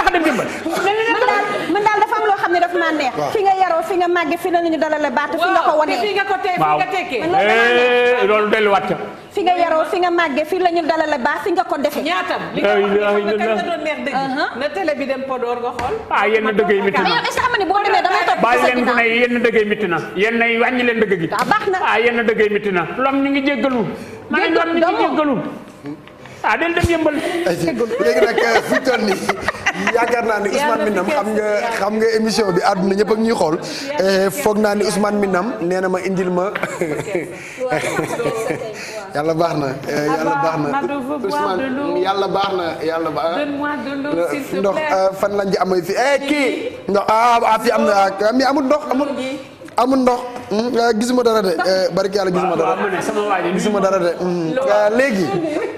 maa neex fi nga yaroo fi nga màggee fi la ñu dalale baatu fi nga ko wanee fi nga ko tee fi nga tekkee loolu delluwaat fi nga yaroo fi nga màggee fi la ñu dalale baax fi nga ko defee ñaatam li nga uh-huh. bi dem Podor nga xool ah yenn dëgg yi métti na mais yow est-ce leen ku ne yenn dëgg yi métti na yenn yi wàññi leen dëgg gi ah, baax na ah yenn dëgg yi ñu ngi jéggalu ma ne lom ñu ngi jéggalu ah del dem yëmbal yaakaar naa ni Ousmane Minam xam nga xam nga émission bi àdduna ñëpp ak ñuy xool eh, foog naa ni Ousmane Minam nee na ma indil ma yàlla baax na yàlla baax na yàlla baax na yàlla baax ndox eh, fan lañ ci amee fi eh kii ndox ah, ah fi am na mi ah, amul ndox amul. amul ndox hmm, gisuma dara de eh, barki yàlla gisuma dara gisuma dara de hmm. eh, léegi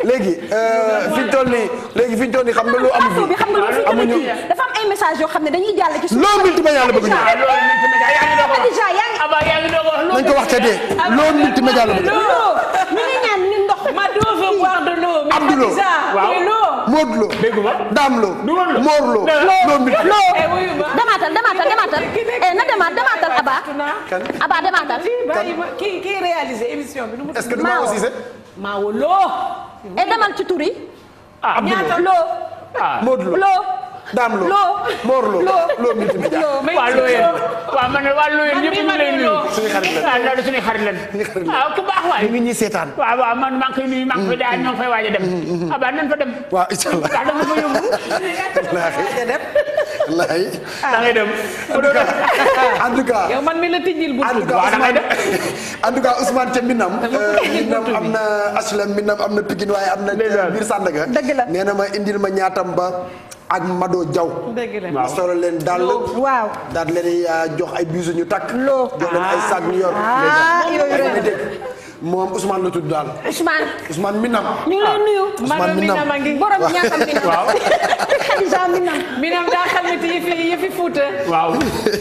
léegi eh, fi ñu toll nii léegi fi ñu toll xam nga lu am fi amuñu dafa am ay message yoo xam ne dañuy jàll ci suñu loo la bëgg ñu nañ ko wax ca dee loo ngi ñaan ñu ma doo fa boire de l'eau Abdoulaye waaw Modou Lo. déggu ma Dame Lo. du woon Lo Mor Lo. Lo mi Lo. Eh, demaatal demaatal demaatal eh, na demaat demaatal Aba. kan Aba demaatal. kii kii émission bi nu mu. est-ce que du maa aussi sax. ci tur yi. Lo. daam loo moor loo loo multimédia waa loo yéen waaw man waa loo yéen ñëpp ñu ngi lay xarit lan ku baax waay ñu ngi seetaan waaw waaw man maa ngi koy nuyu maa ngi koy daal ñoo fay waaj a dem mm, mm, mm. dem waaw incha ca Minam euh, Minam am na HLM Minam am na Pikine waaye am na biir Sandaga ma indil ma ñaatam ba ak Mado Diaw. dëgg solo leen daal waaw daal leen ah, jox ay bisu ñu takk. loo jox leen ay saag ñu yor. ah yooyu moom Ousmane la tudd daal. Ousmane Ousmane Minam. ñu ngi lay ah, nuyu. Ousmane Minam maa ngi borom ñaata Minam. waaw Xadija Minam. Minam daa xamante yëfi yëfi Fuuta. waaw.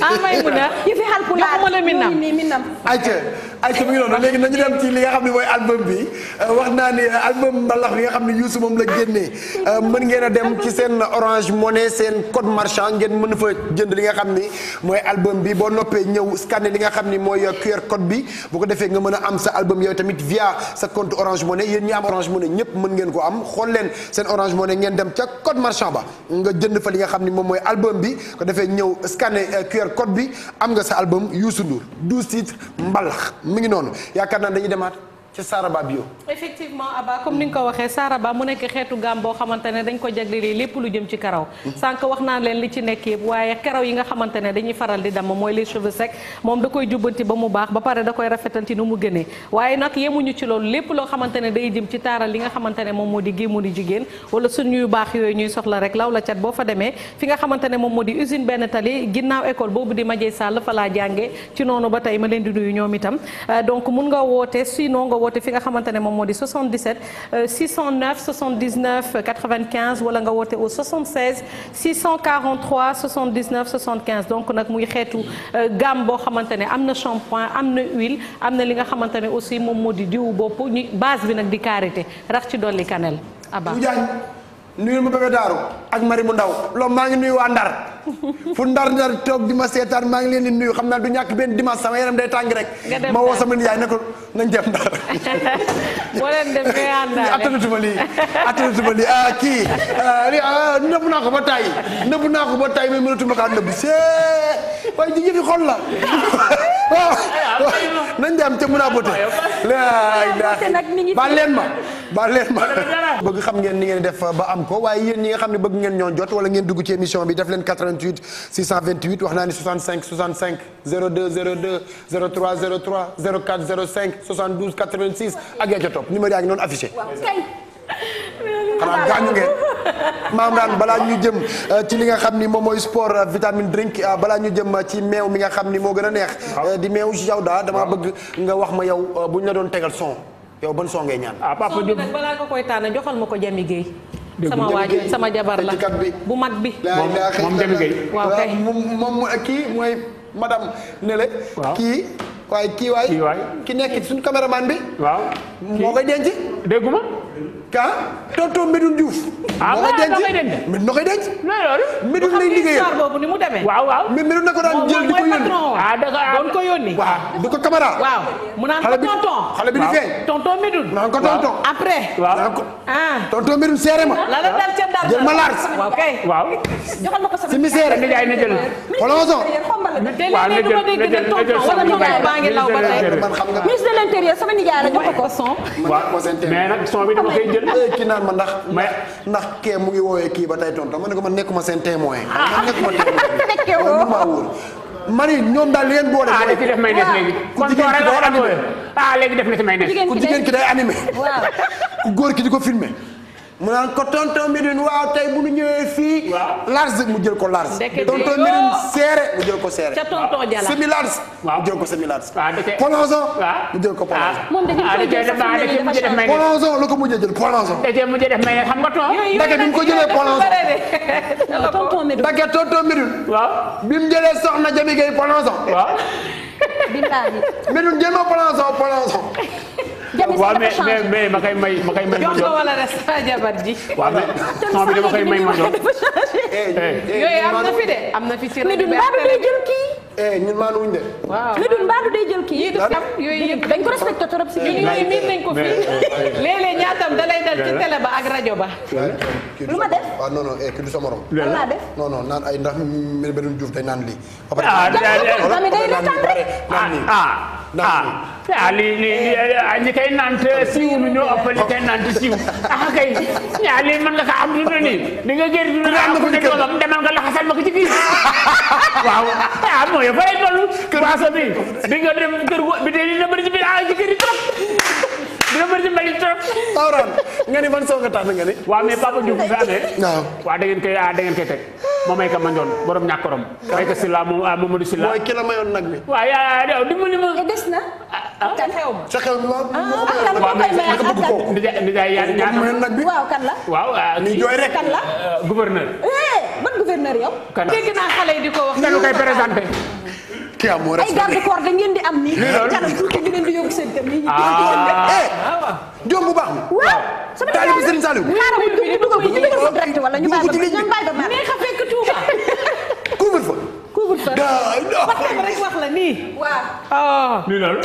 Ah, a Minam yëfu Minam. ayca ayca mi ngi noonu léegi nañu dem ci li nga xam ne mooy album bi euh, wax naa ni euh, album mbalax bi nga xam ne Youssou moom la génnee euh, mën ngeen dem ci seen Orange Money seen code marchand ngeen mën fa jënd li nga xam ni mooy album bi boo noppee ñëw scanner li nga xam ni mooy QR code bi bu ko defee nga mën a am sa album yow tamit via sa compte Orange Money yéen ñi am Orange Money ñëpp mën ngeen ko am xool leen seen Orange Money ngeen dem ca code marchand ba nga jënd fa li nga xam ni moom mooy album bi ko defee ñëw scanner euh, QR code bi am nga sa album Youssou Ndour douze titres mbalax mi ngi noonu yaakaar naa dañuy demaat. ci Saraba bio. effectivement Aba comme ni nga ko waxee Saraba mu nekk xeetu gaam boo xamante ne dañ ko lépp lu jëm ci karaw. sànq wax naa leen li ci nekk yëpp waaye karaw yi nga xamante ne dañuy faral di damm mooy les cheveux moom da koy jubbanti ba mu baax ba pare da koy rafetal ci nu mu gënee waaye nag yemuñu ci loolu lépp loo xamante ne day jëm ci taaral li nga xamante ne moom moo di gémmu di jigéen wala suñuy baax yooyu ñuy soxla rek law la cat boo fa demee fi nga xamante ne moom moo di usine benn tali ginnaaw école boobu di Majey Sall fa laa jàngee ci noonu ba tey ma leen di nuyu ñoom itam euh, donc woote fi nga xamante ne moom moo di 77 609 79 95 wala nga woote au 76 643 79 75 donc nag muy xeetu euh, gamme boo xamante ne am na shampoing am na huile am na li nga xamante ne aussi moom moo di diwu bopp ñu base bi nag di karité rax ci dolli cannelle aba bu jaañ nuyu ma bébé daaru ak mari mu ndaw loolu maa ngi nuyu waa ndar fu ndar-ndar toog di ma seetaan maa ngi leen nuyu xam naa du ñàkk benn dimanche sama yaram day tàng rek. ma woo sama yaay ne ko nañ dem ndar. boo leen dem ba tàyyi nëbbu naa ko ba tàyyi mais mënatuma kaa nëbbu see la. waaw nañ dem ca mën a bote. baal leen ma baal leen ma. bëgg xam ngeen ni ngeen def ba am ko waaye ñi nga xam ne bëgg ngeen ñoo jot wala ngeen dugg ci émission bi def leen 88 628 628 wax naa ni 65 65 02 02 03 03 04 05 72 86 ak yaa ca topp numéro yaa ngi noonu affiché. xanaa gaañu ngeen maam raan balaa ñu jëm euh, ci li nga xam ni moom mooy sport euh, vitamine drink euh, balaa ñu jëm ci meew mi nga xam ni moo gën a neex di meew ci yow daa dama bëgg nga wax ma yow bu ñu la doon tegal son yow ban son ngay ñaan ah balaa nga koy tànn joxal ma ko Jami sama waaj sama jabar la bu mag bi. moom dem gay kay moom kii mooy madame Nele. kii waaye kii waay. kii waay ki nekk suñu caméraman bi. waaw moo koy denc. dégguma. ah tonton Medoune Diouf. ah ma denc mais noo koy denc. mais loolu. lay liggéeyee boobu ni mu demee. waaw waaw mais na ko daan jël di ko yónni. ah da ko yónni. waaw di ko kamara. waaw mu naan ko tonton. xale bi di feeñ. tonton Médoune. naan ko tonton. après. waaw ah. tonton Médoune seere ma. la la dal ca dal jël ma laars. waaw kay waaw. joxal ma ko sama mi seere. na jaay na jël. xoolal ma soog. waaw na jël na jël sama nijaay baa ngi law ba tey. ministre de l'intérieur sama nijaay la jox ko son. waaw mais nag son bi dama koy jël. Eh, kii naan ma ndax ndax kee mu ngi woowee kii ba tey tontu ma ne ko ma nekkuma seen témoin. ah nekkuma témoin mari ñoom daal li ngeen boole. ah léegi def may nekk léegi. kon soo ko ah léegi def na ci may nekk. ku jigéen ki day animé. ku góor ki di ko filmé. mu naan ko tonton Médoune waaw tey bu ñu fii. waaw mu jël ko large. tonton Médoune oh. seere mu jël ko seere. ca tonton Jalla semi large. waaw mu jël ko semi large. mu jël ko ah. polonzon. moom dañuy def may polonzon ko mujjee jël polonzon. da cee mujjee def may xam nga ton. yooyu bi mu ko jëlee polonzon. tonton Médoune ndeket tonton Médoune. waaw bi mu jëlee soxna Jami Gueye polonzon. waaw. bilaay Médoune jël ma polonzon waaw mais mais may ma may. jox ko wala des jabar ji. waaw mais son bi dama koy may ma eh, eh, eh. yooyu am na fi de am na fi ci rajo bi mbaadu day jël kii. de. waaw Médoune mbaadu day jël kii. yooyu dañ ko respecté trop si biir. yooyu miin nañ ko fi léeg ñaatam da dal ci télé ba ak rajo ba. Ah, lu ma def waaw du sa morom. lan laa def non naan ay ndax Médoune Diouf day naan lii. ah day day day day ah li li li eh, kay naan te siiw nu ñoo ëpp li kay naan te siiw ah kay ah lii mën nga kaa am dund nii di nga génn dund naa ko ne doomam ma ko ci biir waaw ah mooy fay toll waaso bi di nga dem kër bi de li na bëri ci biir ah ci kër yi dina bëri ci mbali trop. Tawraan nga ni man soo nga tànn da ngeen koy ah, da ngeen koy teg. moom ay ka manjoon borom ñàkkorom. Ah, la mayoon nag bi. waaw yaa yaa dimbali ma. Eh, des na. ah, ah. kan xew sa xew ma. ah kan la koy maye ak waaw a naka bëgg kooku. Ndiaye Ndiaye ni jooy rek kan la. gouverneur. Eh, ban gouverneur yow. kan la xale yi di ko wax. kanu koy présenté. ki am moo respecté ay garde corps da ngeen di am nii. ñu leen di yóbbu seen kër yi. Ah. Eh, jom bu baax ma. waaw sama taalibu Serigne Saliou. xaaral bu dugg dugg bu dugg ko direct wala ñu bàyyi ba ñu bàyyi ba mais xam fekk Touba. couvre fa. couvre fa patam rek wax la nii. waaw. Ah. lii loolu.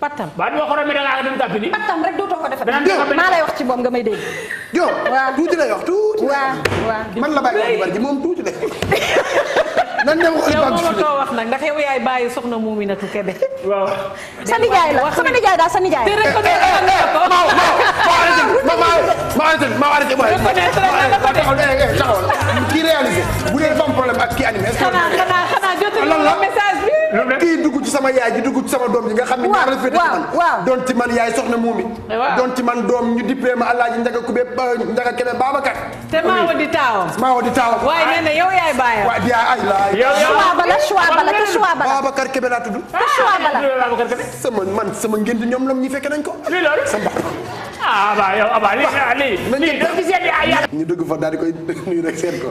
patam. waaw ñu waxoon ne da ngaa dem tàbbi nii. patam rek dootoo ko defee. dinañ maa lay wax ci moom nga may dégg. jo waaw tuuti lay wax tuuti. waaw waaw man la bàyyi wax bari ji moom tuuti lay man de waxul Pape Diouf yow wax nag ndax yow yaay bàyyi soxna Mouminatou Kébé. waaw. sa nijaay la sama nijaay daal sa nijaay. te rek ko dee ma ma ma ma arrêté ma arrêté ma arrêté kii réalisé bu dee dafa am problème ak kii animé. est-ce que xanaa xanaa jotul message bi. kii dugg ci sama yaay ji dugg ci sama doom ji nga xam ne ñaar la féete man doon ci man yaay soxna muumi eh, doon ci man doom ñu dippee ma Alaaji Njaga Kube Njaga Kebe Babacar te maa wa di taawam maa wa di taawam waaye nee na yow yaay bàyyam waaye yaay ay laay choix bala choix bala te choix bala Babacar Kebe laa tudd te choix bala sama man sama ngénti ñoom lam ñi fekke nañ ko sama ah ba yow Aba lii lii lii dëkk bi seet ay ñu dugg fa daal koy nuyu dëkk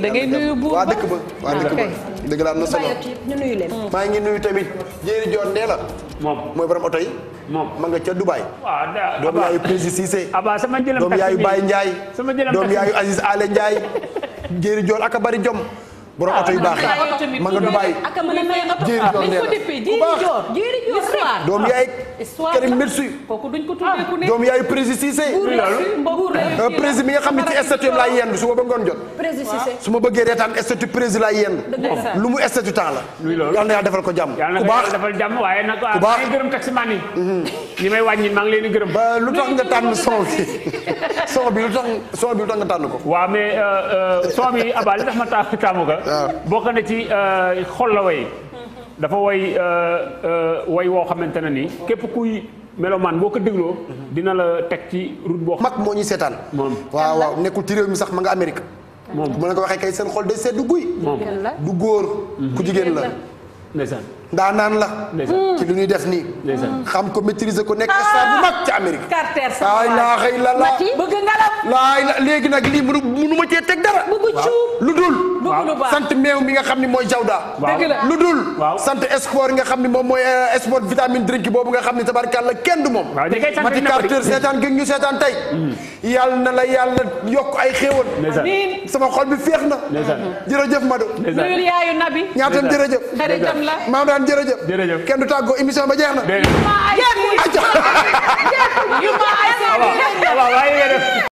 da ngay nuyu buur ba dëkk ba waaw dëkk ba dëgg la am na solo ñu nuyu maa ngi nuyu tamit jéeri joon ndee la. moom mooy borom oto yi. moom ma nga ca Dubaay. waaw daa doom yaayu président sama jëlam taxi doom yaayu Baye Ndiaye. sama jëlam taxi bi doom yaayu Aziz Ale Ndiaye. jéeri joon ak a bari jom. borom ah, oto yu baax yi ma nga Dubaay jéeri joor nee na doom yaay Karim Medsouy doom yaay prési Cissé euh, prési mi nga xam ne ci statut am laay yendu su ma ba su ma bëggee reetaan statut prési laay yendu lu mu statut temps la yàlla na yàlla defal ko jàmm ku baax ku baax ñi may wàññi maa ngi leen di gërëm. lu tax nga tànn son bi son bi lu tax son bi lu tax nga tànn ko. waaw mais euh, euh, son bi Abba li tax ma tàmm boo ko. ne ah. na ci euh, xol la way. dafa way way woo xamante ne nii képp kuy. melomaan boo ko dégloo dina la teg ci route boo mag moo ñu seetaan moom waaw waaw nekkul ci réew mi sax ma nga Amérique moom bu ma la ko waxee kay seen xol day seet du guy du góor mm-hmm. ku jigéen la ndeysaan ndaa naan la. Hmm. ci lu ñuy def nii. Hmm. xam ko maîtriser ko nekk ah. star bu mag ci Amérique. carter sama laa xëy la la bëgg nga la. léegi nag lii mënu mënu ma cee teg dara. lu dul. sant meew mi nga xam ni mooy jawda lu dul. sant sport nga xam ni moom mooy eh, sport vitamine drink boobu nga xam ni tabarkàlla kenn du moom. mati carter seetaan gi ñu seetaan tey. Hmm. yàlla na la yàlla yokk ay xéewal. sama xol bi féex na. jërëjëf Mado. nuyul yaayu ñaatam jërëjëf. xaritam ak jërëjëf. jërëjëf kenn du tàggoo émission ba jeex na.